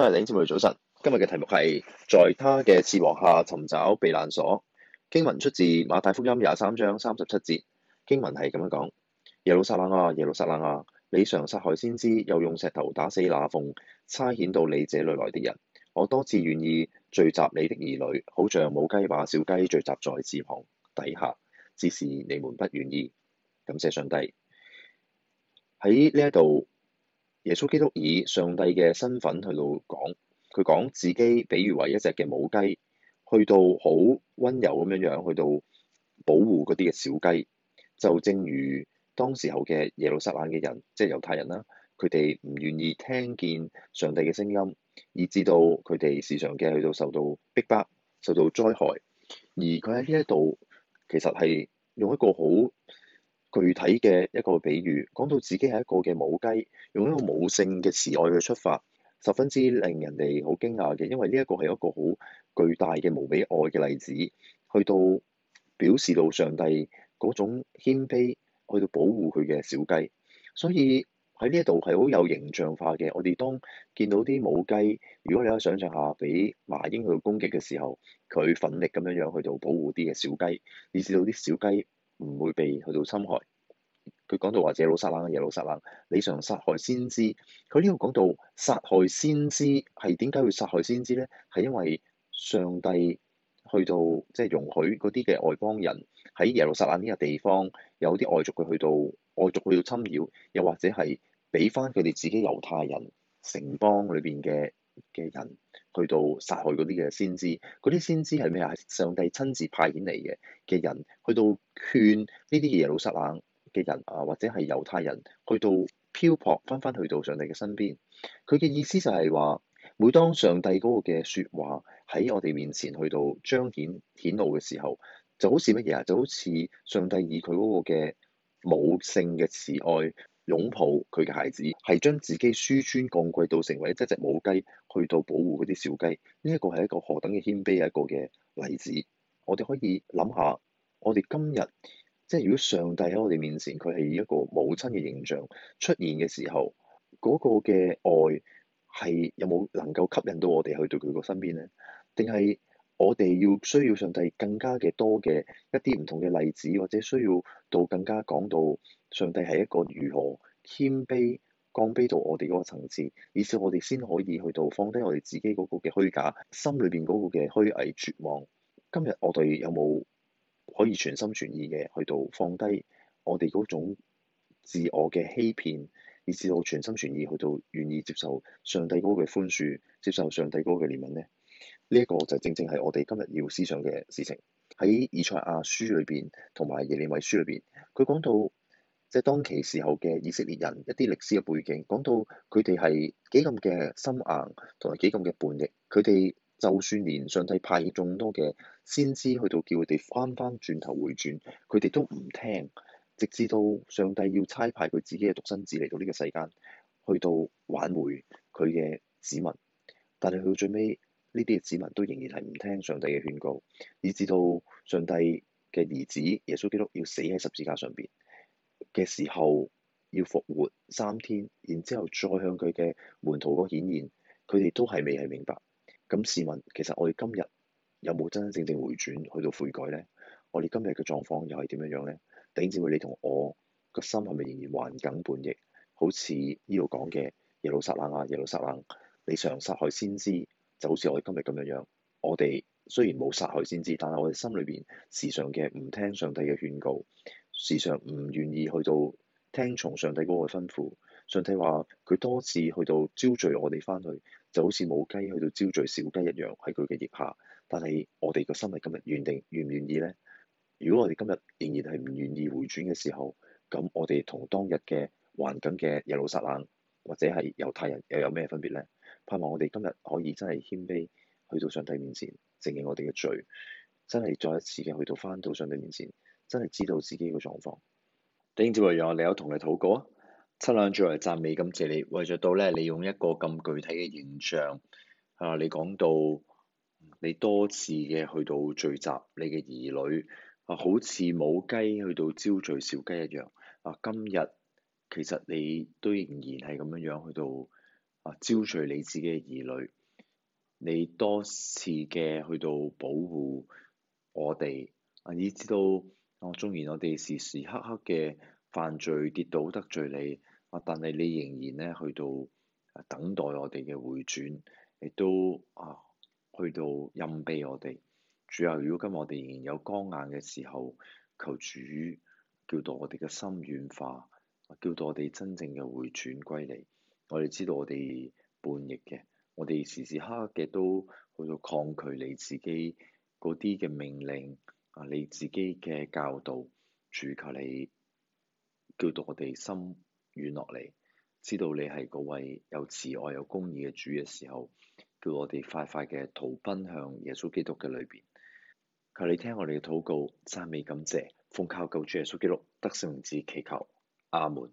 都係領節目早晨。今日嘅題目係在祂嘅翅膀下尋找避難所。經文出自馬太福音廿三章三十七節。經文係咁樣講：耶路撒冷啊，耶路撒冷啊，你常殺害先知，又用石頭打死那奉差遣到你這裏來的人。我多次願意聚集你的兒女，好像母雞把小雞聚集在翅膀底下，只是你們不願意。感謝上帝喺呢一度。耶穌基督以上帝嘅身份去到講，佢講自己，比喻為一隻嘅母雞，去到好温柔咁樣樣，去到保護嗰啲嘅小雞。就正如當時候嘅耶路撒冷嘅人，即係猶太人啦，佢哋唔願意聽見上帝嘅聲音，以至到佢哋時常嘅去到受到逼迫，迫、受到災害。而佢喺呢一度，其實係用一個好具體嘅一個比喻，講到自己係一個嘅母雞，用一個母性嘅慈愛去出發，十分之令人哋好驚訝嘅，因為呢一個係一個好巨大嘅無比愛嘅例子，去到表示到上帝嗰種謙卑，去到保護佢嘅小雞，所以喺呢一度係好有形象化嘅。我哋當見到啲母雞，如果你可以想象下，俾麻鷹去到攻擊嘅時候，佢奮力咁樣樣去到保護啲嘅小雞，以至到啲小雞，唔會被去到侵害。佢講到話耶路撒冷，耶路撒冷，你常殺害先知。佢呢度講到殺害先知係點解會殺害先知咧？係因為上帝去到即係、就是、容許嗰啲嘅外邦人喺耶路撒冷呢個地方有啲外族，佢去到外族去到侵擾，又或者係俾翻佢哋自己猶太人城邦裏邊嘅，嘅人去到殺害嗰啲嘅先知，嗰啲先知係咩啊？上帝親自派遣嚟嘅嘅人，去到勸呢啲嘅耶路撒冷嘅人啊，或者係猶太人，去到漂泊，翻翻去到上帝嘅身邊。佢嘅意思就係話，每當上帝嗰個嘅說話喺我哋面前去到彰顯顯露嘅時候，就好似乜嘢啊？就好似上帝以佢嗰個嘅母性嘅慈愛。擁抱佢嘅孩子，係將自己紆尊降貴到成為一隻母雞，去到保護嗰啲小雞。呢一個係一個何等嘅謙卑啊！一個嘅例子，我哋可以諗下，我哋今日即係如果上帝喺我哋面前，佢係以一個母親嘅形象出現嘅時候，嗰、那個嘅愛係有冇能夠吸引到我哋去到佢個身邊咧？定係？我哋要需要上帝更加嘅多嘅一啲唔同嘅例子，或者需要到更加講到上帝係一個如何謙卑降卑到我哋嗰個層次，以至我哋先可以去到放低我哋自己嗰個嘅虛假，心裏邊嗰個嘅虛偽絕望。今日我哋有冇可以全心全意嘅去到放低我哋嗰種自我嘅欺騙，以至到全心全意去到願意接受上帝嗰個嘅寬恕，接受上帝嗰個嘅憐憫咧？呢一個就正正係我哋今日要思想嘅事情。喺以賽亞書裏邊同埋耶利米書裏邊，佢講到即係當其時候嘅以色列人一啲歷史嘅背景，講到佢哋係幾咁嘅心硬同埋幾咁嘅叛逆。佢哋就算連上帝派遣眾多嘅先知去到叫佢哋翻翻轉頭回轉，佢哋都唔聽。直至到上帝要差派佢自己嘅獨生子嚟到呢個世間，去到挽回佢嘅子民，但係去到最尾，呢啲嘅子民都仍然係唔聽上帝嘅勸告，以至到上帝嘅兒子耶穌基督要死喺十字架上邊嘅時候，要復活三天，然之後再向佢嘅門徒嗰顯現，佢哋都係未係明白。咁，試問其實我哋今日有冇真真正正回轉去到悔改咧？我哋今日嘅狀況又係點樣樣咧？弟兄姊妹你同我個心係咪仍然還梗叛逆？好似呢度講嘅耶路撒冷啊，耶路撒冷，你常殺害先知。就好似我哋今日咁樣樣，我哋雖然冇殺害先知，但係我哋心裏邊時常嘅唔聽上帝嘅勸告，時常唔願意去到聽從上帝嗰個吩咐。上帝話佢多次去到招聚我哋返去，就好似母雞去到招聚小雞一樣喺佢嘅腋下。但係我哋個心係今日願定願唔願意呢？如果我哋今日仍然係唔願意回轉嘅時候，咁我哋同當日嘅環境嘅耶路撒冷或者係猶太人又有咩分別呢？」盼望我哋今日可以真係謙卑去到上帝面前承認我哋嘅罪，真係再一次嘅去到返到上帝面前，真係知道自己嘅狀況。頂住我有你有同你禱告啊！七兩句嚟讚美，感謝你，為著到咧，你用一個咁具體嘅形象啊，你講到你多次嘅去到聚集你嘅兒女啊，好似母雞去到招聚小雞一樣啊，今日其實你都仍然係咁樣樣去到。啊！招聚你自己嘅兒女，你多次嘅去到保護我哋，啊，以致到我縱然我哋時時刻刻嘅犯罪跌倒得罪你，啊，但係你仍然咧去到等待我哋嘅回轉，亦都啊去到任備我哋。主啊！如果今日我哋仍然有剛硬嘅時候，求主叫到我哋嘅心軟化，叫到我哋真正嘅回轉歸嚟。我哋知道我哋叛逆嘅，我哋時時刻刻嘅都去到抗拒你自己嗰啲嘅命令，啊，你自己嘅教導，主求你叫到我哋心軟落嚟，知道你係嗰位有慈愛有公義嘅主嘅時候，叫我哋快快嘅逃奔向耶穌基督嘅裏邊。求你聽我哋嘅禱告，讚美感謝，奉靠救主耶穌基督得勝之祈求，阿門。